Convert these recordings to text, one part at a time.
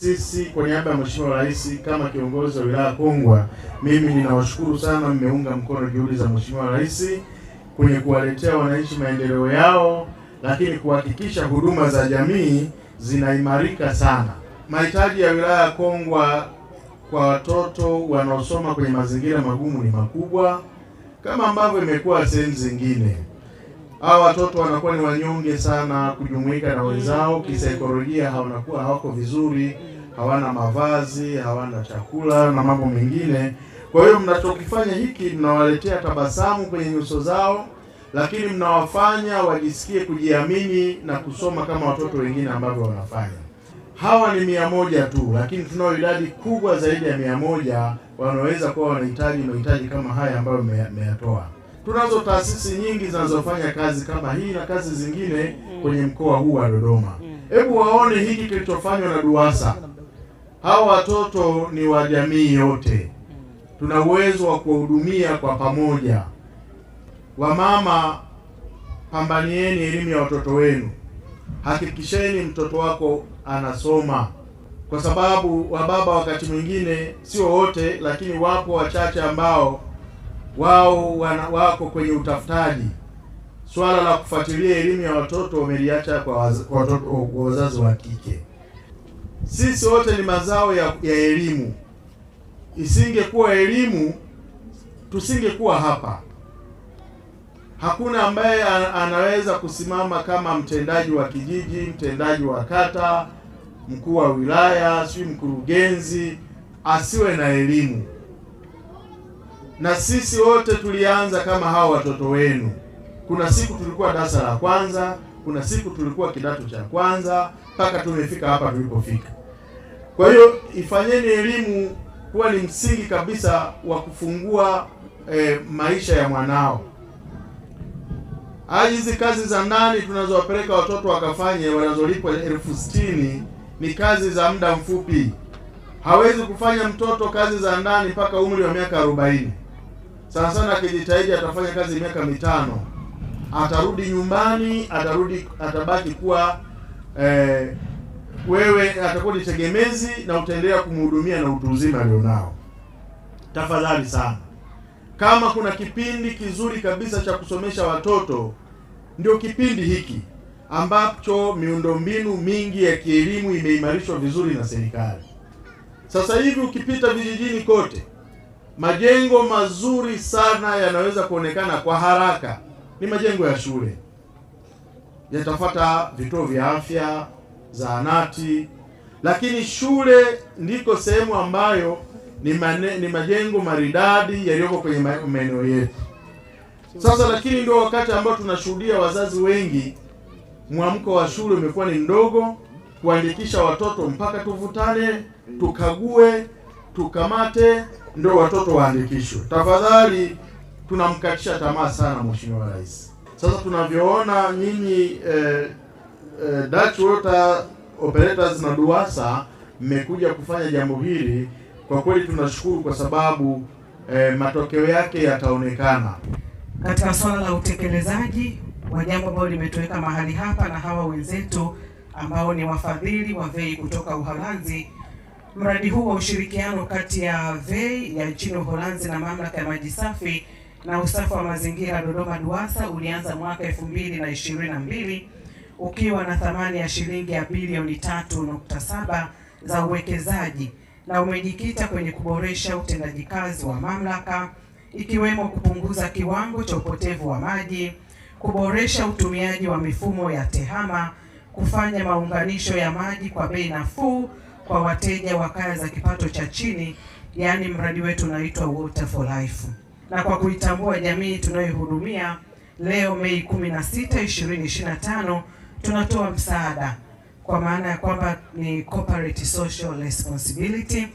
Sisi kwa niaba ya Mheshimiwa Rais kama kiongozi wa wilaya Kongwa, mimi ninawashukuru sana, mmeunga mkono juhudi za Mheshimiwa Rais kwenye kuwaletea wananchi maendeleo yao, lakini kuhakikisha huduma za jamii zinaimarika sana. Mahitaji ya wilaya ya Kongwa kwa watoto wanaosoma kwenye mazingira magumu ni makubwa, kama ambavyo imekuwa sehemu zingine. Hawa watoto wanakuwa ni wanyonge sana kujumuika na wenzao, kisaikolojia hawanakuwa hawako vizuri hawana mavazi, hawana chakula na mambo mengine. Kwa hiyo mnachokifanya hiki, mnawaletea tabasamu kwenye nyuso zao, lakini mnawafanya wajisikie kujiamini na kusoma kama watoto wengine ambavyo wanafanya. Hawa ni mia moja tu, lakini tunao idadi kubwa zaidi ya mia moja wanaweza kuwa wanahitaji mahitaji kama haya ambayo meyatoa Tunazo taasisi nyingi zinazofanya kazi kama hii na kazi zingine mm. kwenye mkoa huu wa Dodoma. Mm. Hebu waone hiki kilichofanywa na DUWASA. Hawa watoto ni wa jamii yote, tuna uwezo wa kuwahudumia kwa pamoja. Wamama, pambanieni elimu ya watoto wenu, hakikisheni mtoto wako anasoma, kwa sababu wababa wakati mwingine, sio wote, lakini wapo wachache ambao wao wana, wako kwenye utafutaji. Swala la kufuatilia elimu ya watoto wameliacha kwa wazazi wa kike sisi wote ni mazao ya, ya elimu. Isingekuwa elimu tusingekuwa hapa. Hakuna ambaye anaweza kusimama kama mtendaji wa kijiji, mtendaji wa kata, mkuu wa wilaya, sijui mkurugenzi, asiwe na elimu. Na sisi wote tulianza kama hao watoto wenu. Kuna siku tulikuwa darasa la kwanza, kuna siku tulikuwa kidato cha kwanza, mpaka tumefika hapa tulipofika. Kwa hiyo ifanyeni elimu kuwa ni msingi kabisa wa kufungua eh, maisha ya mwanao. Haya, hizi kazi za ndani tunazowapeleka watoto wakafanye wanazolipwa elfu sitini ni kazi za muda mfupi. Hawezi kufanya mtoto kazi za ndani mpaka umri wa miaka arobaini. Sana sana akijitahidi atafanya kazi miaka mitano, atarudi nyumbani, atarudi atabaki kuwa eh, wewe atakuwa ni tegemezi na utaendelea kumhudumia na utu uzima alionao. Tafadhali sana, kama kuna kipindi kizuri kabisa cha kusomesha watoto ndio kipindi hiki ambacho miundombinu mingi ya kielimu imeimarishwa vizuri na serikali. Sasa hivi ukipita vijijini kote, majengo mazuri sana yanaweza kuonekana kwa haraka, ni majengo ya shule, yatafuata vituo vya afya zahanati, lakini shule ndiko sehemu ambayo ni, mane, ni majengo maridadi yaliyoko kwenye maeneo yetu. Sasa lakini ndio wakati ambao tunashuhudia wazazi wengi, mwamko wa shule umekuwa ni mdogo kuandikisha watoto, mpaka tuvutane, tukague, tukamate, ndio watoto waandikishwe. Tafadhali tunamkatisha tamaa sana Mheshimiwa Rais. Sasa tunavyoona nyinyi eh, eh, Dutch Water Operators na DUWASA mmekuja kufanya jambo hili, kwa kweli tunashukuru kwa sababu eh, matokeo yake yataonekana katika swala la utekelezaji wa jambo ambalo limetoweka mahali hapa na hawa wenzetu ambao ni wafadhili wa VEI kutoka Uholanzi. Mradi huu wa ushirikiano kati ya VEI ya nchini Uholanzi na mamlaka ya maji safi na usafi wa mazingira Dodoma DUWASA ulianza mwaka elfu mbili na ishirini na mbili ukiwa na thamani ya shilingi ya bilioni 3.7 za uwekezaji na umejikita kwenye kuboresha utendaji kazi wa mamlaka ikiwemo kupunguza kiwango cha upotevu wa maji, kuboresha utumiaji wa mifumo ya tehama, kufanya maunganisho ya maji kwa bei nafuu kwa wateja wa kaya za kipato cha chini, yaani mradi wetu unaitwa Water for Life. Na kwa kuitambua jamii tunayoihudumia leo Mei 16, 2025 tunatoa msaada kwa maana ya kwamba ni corporate social responsibility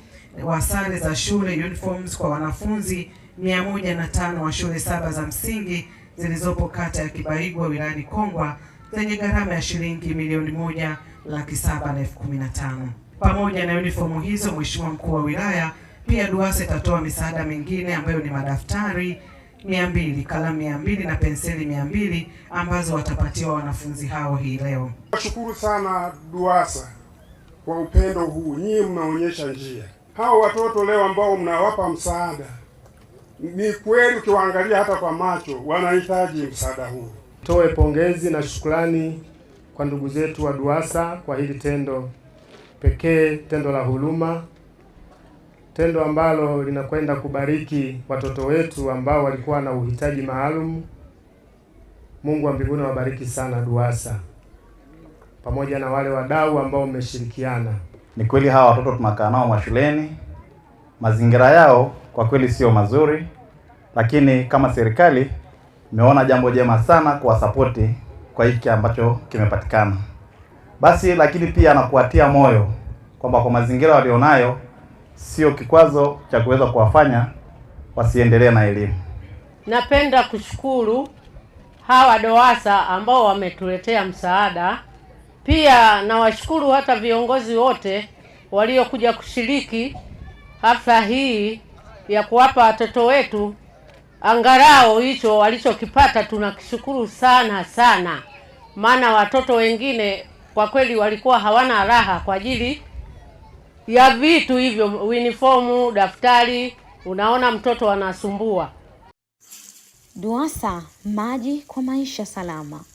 wa sare za shule uniforms kwa wanafunzi 105 wa shule saba za msingi zilizopo kata ya Kibaigwa wilayani Kongwa zenye gharama ya shilingi milioni moja laki saba na elfu kumi na tano. Pamoja na unifomu hizo, Mheshimiwa Mkuu wa Wilaya, pia DUWASA itatoa misaada mingine ambayo ni madaftari mia mbili, kalamu mia mbili na penseli mia mbili ambazo watapatiwa wanafunzi hao hii leo. Nashukuru sana DUWASA kwa upendo huu, nyinyi mnaonyesha njia. Hao watoto leo ambao mnawapa msaada, ni kweli ukiwaangalia hata kwa macho wanahitaji msaada huu. Toe pongezi na shukrani kwa ndugu zetu wa DUWASA kwa hili tendo pekee, tendo la huruma tendo ambalo linakwenda kubariki watoto wetu ambao walikuwa na uhitaji maalum. Mungu wa mbinguni wabariki sana DUWASA pamoja na wale wadau ambao mmeshirikiana. Ni kweli hawa watoto tunakaa nao mashuleni, mazingira yao kwa kweli sio mazuri, lakini kama serikali imeona jambo jema sana kuwasapoti kwa hiki ambacho kimepatikana basi, lakini pia anakuatia moyo kwamba kwa mazingira walionayo sio kikwazo cha kuweza kuwafanya wasiendelee na elimu. Napenda kushukuru hawa DOWASA ambao wametuletea msaada. Pia nawashukuru hata viongozi wote waliokuja kushiriki hafla hii ya kuwapa watoto wetu angalau hicho walichokipata. Tunakishukuru sana sana, maana watoto wengine kwa kweli walikuwa hawana raha kwa ajili ya vitu hivyo, uniformu, daftari. Unaona mtoto anasumbua. duasa maji kwa maisha salama.